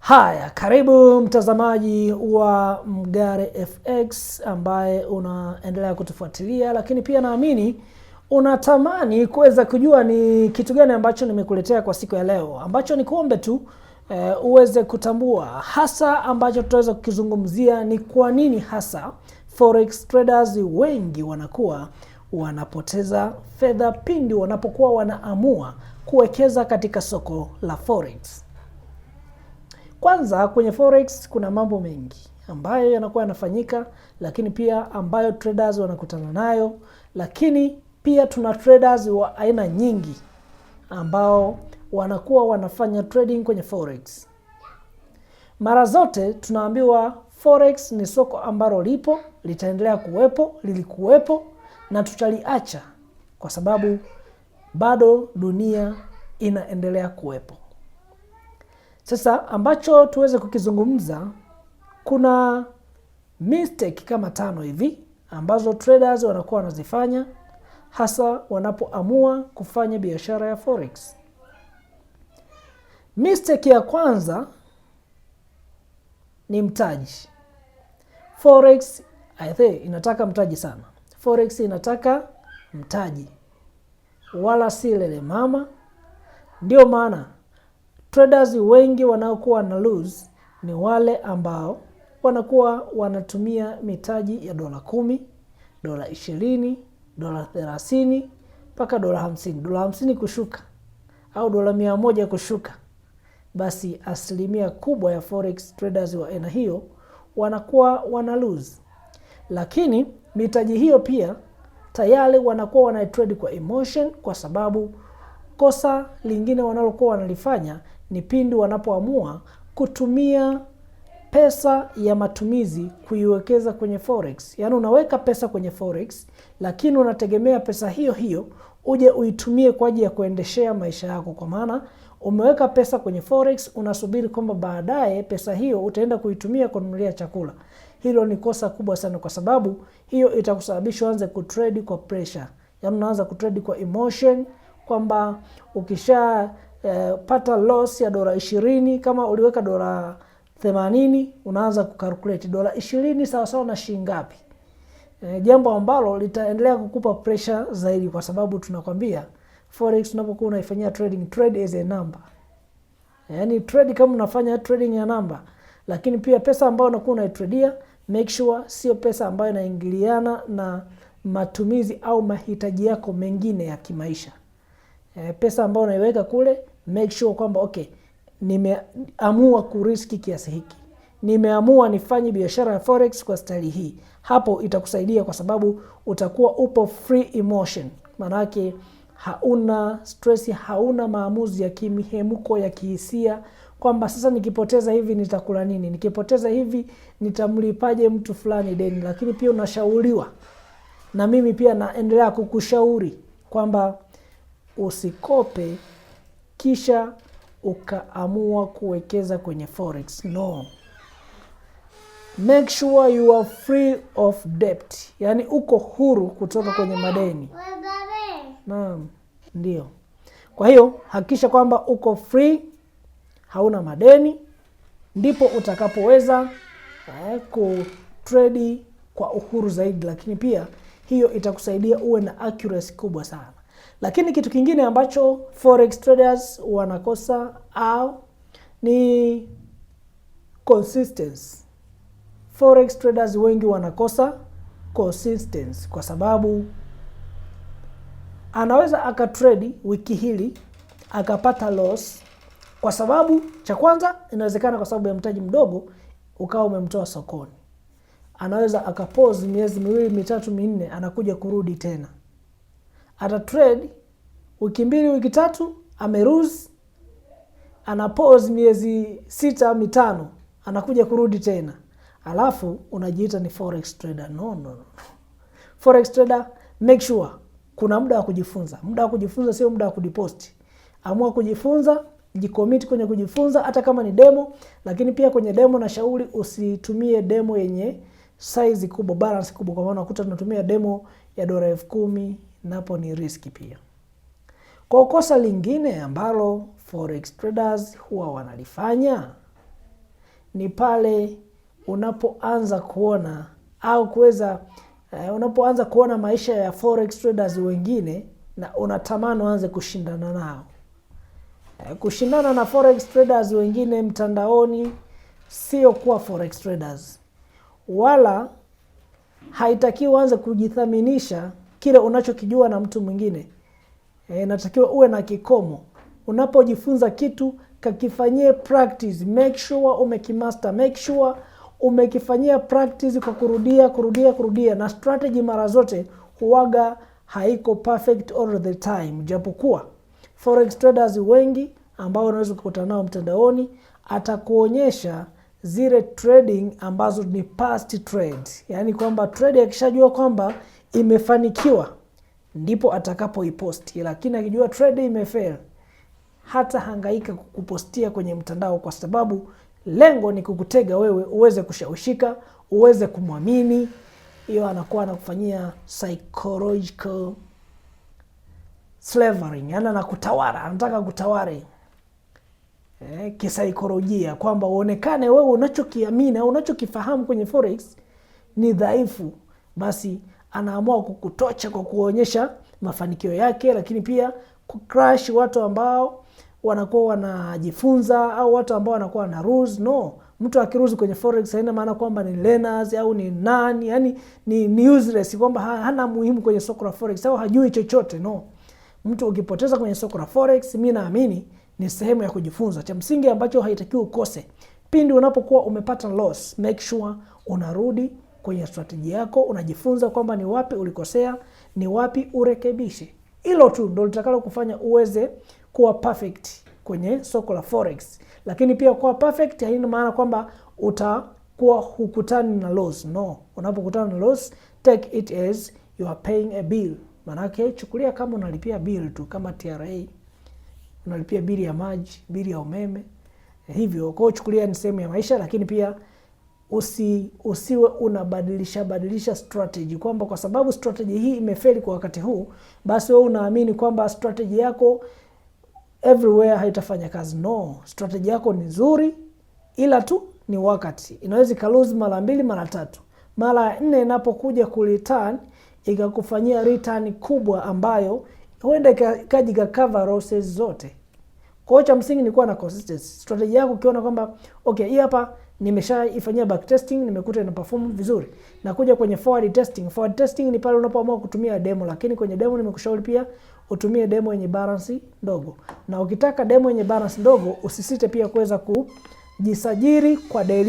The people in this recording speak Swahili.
Haya, karibu mtazamaji wa Mgare FX ambaye unaendelea kutufuatilia, lakini pia naamini unatamani kuweza kujua ni kitu gani ambacho nimekuletea kwa siku ya leo, ambacho ni kuombe tu e, uweze kutambua hasa ambacho tutaweza kukizungumzia ni kwa nini hasa forex traders wengi wanakuwa wanapoteza fedha pindi wanapokuwa wanaamua kuwekeza katika soko la forex. Kwanza kwenye forex kuna mambo mengi ambayo yanakuwa yanafanyika, lakini pia ambayo traders wanakutana nayo, lakini pia tuna traders wa aina nyingi ambao wanakuwa wanafanya trading kwenye forex. Mara zote tunaambiwa forex ni soko ambalo lipo, litaendelea kuwepo, lilikuwepo na tutaliacha kwa sababu bado dunia inaendelea kuwepo. Sasa ambacho tuweze kukizungumza, kuna mistake kama tano hivi ambazo traders wanakuwa wanazifanya hasa wanapoamua kufanya biashara ya forex. Mistake ya kwanza ni mtaji. Forex aithe inataka mtaji sana. Forex inataka mtaji, wala si lelemama. Ndio maana Traders wengi wanaokuwa na lose ni wale ambao wanakuwa wanatumia mitaji ya dola kumi, dola ishirini, dola thelathini mpaka dola hamsini. Dola hamsini kushuka au dola mia moja kushuka, basi asilimia kubwa ya forex traders wa aina hiyo wanakuwa wana lose, lakini mitaji hiyo pia tayari wanakuwa wanaitrade kwa emotion, kwa sababu kosa lingine wanalokuwa wanalifanya ni pindi wanapoamua kutumia pesa ya matumizi kuiwekeza kwenye forex. Yaani unaweka pesa kwenye forex, lakini unategemea pesa hiyo hiyo uje uitumie kwa ajili ya kuendeshea maisha yako, kwa maana umeweka pesa kwenye forex, unasubiri kwamba baadaye pesa hiyo utaenda kuitumia kununulia chakula. Hilo ni kosa kubwa sana, kwa sababu hiyo itakusababisha uanze kutrade kwa pressure, yaani unaanza kutrade kwa emotion kwamba ukisha eh, pata loss ya dola ishirini kama uliweka dola themanini unaanza kukalkulate dola ishirini sawasawa na shilingi ngapi? E, jambo ambalo litaendelea kukupa pressure zaidi, kwa sababu tunakwambia forex unapokuwa unaifanyia trading, trade as a number, yani trade kama unafanya trading ya namba, lakini pia pesa ambayo unakuwa unaitradia make sure sio pesa ambayo inaingiliana na matumizi au mahitaji yako mengine ya kimaisha. E, pesa ambayo unaiweka kule make sure kwamba okay, nimeamua kuriski kiasi hiki, nimeamua nifanye biashara ya forex kwa stali hii. Hapo itakusaidia kwa sababu utakuwa upo free emotion, maanake hauna stress, hauna maamuzi ya kimhemko ya kihisia kwamba sasa nikipoteza hivi nitakula nini, nikipoteza hivi nitamlipaje mtu fulani deni. Lakini pia unashauriwa, na mimi pia naendelea kukushauri kwamba usikope kisha ukaamua kuwekeza kwenye forex. No, make sure you are free of debt, yaani uko huru kutoka kwenye madeni. Naam, ndio. Kwa hiyo hakikisha kwamba uko free, hauna madeni, ndipo utakapoweza eh, kutredi kwa uhuru zaidi, lakini pia hiyo itakusaidia uwe na accuracy kubwa sana. Lakini kitu kingine ambacho forex traders wanakosa au ni consistency. Forex traders wengi wanakosa consistency kwa sababu anaweza akatrade wiki hili akapata loss kwa sababu cha kwanza, inawezekana kwa sababu ya mtaji mdogo ukawa umemtoa sokoni. Anaweza akapose miezi miwili mitatu minne, anakuja kurudi tena ata trade wiki mbili, wiki tatu, ameruse, ana pause miezi sita mitano, anakuja kurudi tena, alafu unajiita ni forex trader. No, no, no. Forex trader, make sure kuna muda wa kujifunza. Muda wa kujifunza sio muda wa kudiposti. Amua kujifunza, jikomiti kwenye kujifunza, hata kama ni demo. Lakini pia kwenye demo, na shauri usitumie demo yenye size kubwa, balance kubwa. Kwa maana unakuta tunatumia demo ya dola elfu kumi napo ni riski pia. Kwa kosa lingine ambalo forex traders huwa wanalifanya ni pale unapoanza kuona au kuweza uh, unapoanza kuona maisha ya forex traders wengine na unatamani uanze kushindana nao. Uh, kushindana na forex traders wengine mtandaoni sio kuwa forex traders, wala haitakiwi uanze kujithaminisha kile unachokijua na mtu mwingine. E, natakiwa uwe na kikomo. Unapojifunza kitu kakifanyie practice, make sure umekimaster, make sure umekifanyia practice kwa kurudia kurudia kurudia, na strategy mara zote huwaga haiko perfect all the time, japokuwa forex traders wengi ambao unaweza kukutana nao mtandaoni atakuonyesha zile trading ambazo ni past trade, yaani kwamba trade akishajua kwamba imefanikiwa ndipo atakapoiposti, lakini akijua trade imefail hata hangaika kukupostia kwenye mtandao, kwa sababu lengo ni kukutega wewe uweze kushawishika, uweze kumwamini. Hiyo anakuwa anakufanyia psychological slavery, yaani anataka kutaware eh, kisaikolojia kwamba uonekane wewe unachokiamini au unachokifahamu kwenye forex ni dhaifu, basi anaamua kukutocha kwa kuonyesha mafanikio yake, lakini pia kukrash watu ambao wanakuwa wanajifunza au watu ambao wanakuwa wana rules. No, mtu akiruzi kwenye forex haina maana kwamba ni learners au ni nani, yani ni, ni useless kwamba hana muhimu kwenye soko la forex au hajui chochote. No, mtu ukipoteza kwenye soko la forex, mimi naamini ni sehemu ya kujifunza. Cha msingi ambacho haitakiwi ukose pindi unapokuwa umepata loss, make sure unarudi kwenye strateji yako, unajifunza kwamba ni wapi ulikosea, ni wapi urekebishe. Hilo tu ndo litakalo kufanya uweze kuwa perfect kwenye soko la forex. Lakini pia kuwa perfect haina maana kwamba utakuwa hukutani na loss. No, unapokutana na loss take it as you are paying a bill. Manake chukulia kama unalipia bill tu, kama TRA unalipia bili ya maji, bili ya umeme, hivyo kwao, chukulia ni sehemu ya maisha, lakini pia usi, usiwe unabadilisha badilisha strategy kwamba kwa sababu strategy hii imefeli kwa wakati huu, basi wewe unaamini kwamba strategy yako everywhere haitafanya kazi. No, strategy yako ni nzuri, ila tu ni wakati inaweza ikaluzi mara mbili mara tatu mara ya nne inapokuja kureturn ikakufanyia return kubwa ambayo huenda ikaji ka cover losses zote. Kwa hiyo cha msingi ni kuwa na consistency strategy yako, ukiona kwamba okay, hii hapa nimeshaifanyia back testing, nimekuta ina perform vizuri. Nakuja kwenye forward testing. Forward testing ni pale unapoamua kutumia demo, lakini kwenye demo nimekushauri pia utumie demo yenye balance ndogo, na ukitaka demo yenye balance ndogo usisite pia kuweza kujisajili kwa daily